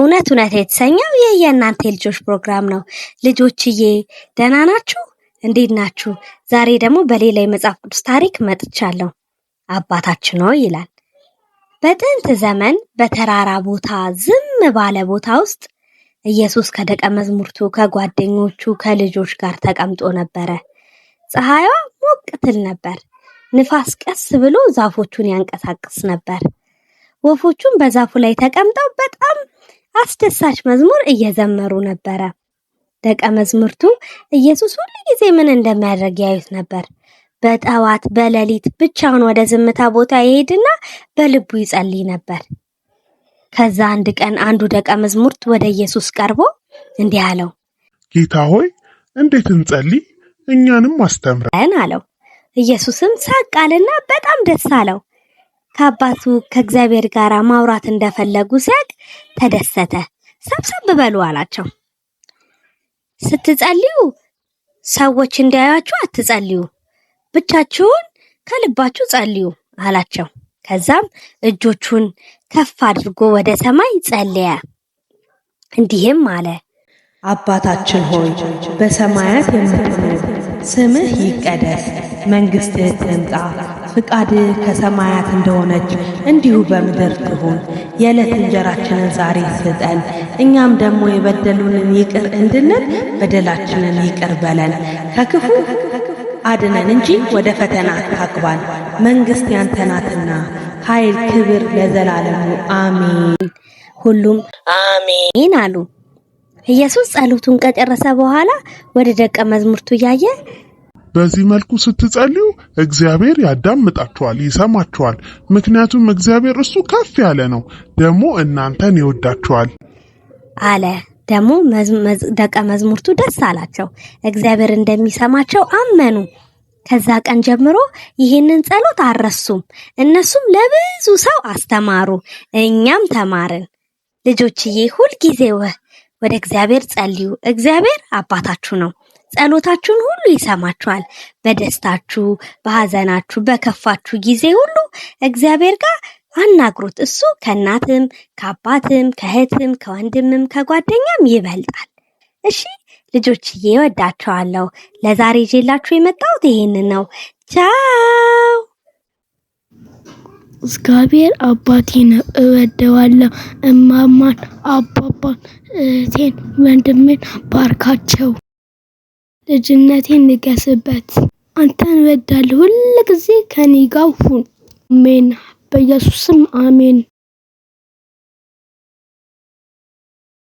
እውነት እውነት የተሰኘው ይህ የእናንተ የልጆች ፕሮግራም ነው። ልጆችዬ ደህና ናችሁ? እንዴት ናችሁ? ዛሬ ደግሞ በሌላ የመጽሐፍ ቅዱስ ታሪክ መጥቻለሁ። አባታችን ሆይ ይላል። በጥንት ዘመን በተራራ ቦታ ዝም ባለ ቦታ ውስጥ ኢየሱስ ከደቀ መዝሙርቱ ከጓደኞቹ ከልጆች ጋር ተቀምጦ ነበረ። ፀሐይዋ ሞቅ ትል ነበር። ንፋስ ቀስ ብሎ ዛፎቹን ያንቀሳቅስ ነበር። ወፎቹም በዛፉ ላይ ተቀምጠው በጣም አስደሳች መዝሙር እየዘመሩ ነበረ። ደቀ መዝሙርቱ ኢየሱስ ሁል ጊዜ ምን እንደሚያደርግ ያዩት ነበር። በጠዋት በሌሊት ብቻውን ወደ ዝምታ ቦታ ይሄድና በልቡ ይጸልይ ነበር። ከዛ አንድ ቀን አንዱ ደቀ መዝሙርት ወደ ኢየሱስ ቀርቦ እንዲህ አለው፣ ጌታ ሆይ እንዴት እንጸልይ? እኛንም አስተምረን አለው። ኢየሱስም ሳቅ አለና በጣም ደስ አለው። ከአባቱ ከእግዚአብሔር ጋር ማውራት እንደፈለጉ ሲያቅ ተደሰተ። ሰብሰብ በሉ አላቸው። ስትጸልዩ ሰዎች እንዲያያችሁ አትጸልዩ፣ ብቻችሁን ከልባችሁ ጸልዩ አላቸው። ከዛም እጆቹን ከፍ አድርጎ ወደ ሰማይ ጸለየ። እንዲህም አለ አባታችን ሆይ በሰማያት የምትኖር ስምህ ይቀደስ፣ መንግሥትህ ትምጣ፣ ፍቃድህ ከሰማያት እንደሆነች እንዲሁ በምድር ትሁን። የዕለት እንጀራችንን ዛሬ ስጠን፣ እኛም ደግሞ የበደሉንን ይቅር እንድንል በደላችንን ይቅር በለን፣ ከክፉ አድነን እንጂ ወደ ፈተና አታግባን፣ መንግሥት ያንተ ናትና ኃይል፣ ክብር ለዘላለሙ አሜን። ሁሉም አሜን አሉ። ኢየሱስ ጸሎቱን ከጨረሰ በኋላ ወደ ደቀ መዝሙርቱ እያየ በዚህ መልኩ ስትጸልዩ እግዚአብሔር ያዳምጣችኋል፣ ይሰማችኋል። ምክንያቱም እግዚአብሔር እሱ ከፍ ያለ ነው፣ ደግሞ እናንተን ይወዳችኋል አለ። ደግሞ ደቀ መዝሙርቱ ደስ አላቸው፣ እግዚአብሔር እንደሚሰማቸው አመኑ። ከዛ ቀን ጀምሮ ይህንን ጸሎት አልረሱም። እነሱም ለብዙ ሰው አስተማሩ፣ እኛም ተማርን። ልጆችዬ ሁልጊዜ ወደ እግዚአብሔር ጸልዩ፣ እግዚአብሔር አባታችሁ ነው። ጸሎታችሁን ሁሉ ይሰማችኋል። በደስታችሁ፣ በሐዘናችሁ፣ በከፋችሁ ጊዜ ሁሉ እግዚአብሔር ጋር አናግሩት። እሱ ከእናትም ከአባትም ከእህትም ከወንድምም ከጓደኛም ይበልጣል። እሺ ልጆችዬ፣ ወዳቸዋለሁ። ለዛሬ ይዤላችሁ የመጣሁት ይሄንን ነው። ቻ እግዚአብሔር አባቴን እወደዋለሁ። እማማን፣ አባባን፣ እህቴን፣ ወንድሜን ባርካቸው። ልጅነቴን ንገስበት። አንተን እወዳለሁ። ሁሉ ከኔ ጋር ሁን። አሜን። በኢየሱስም አሜን።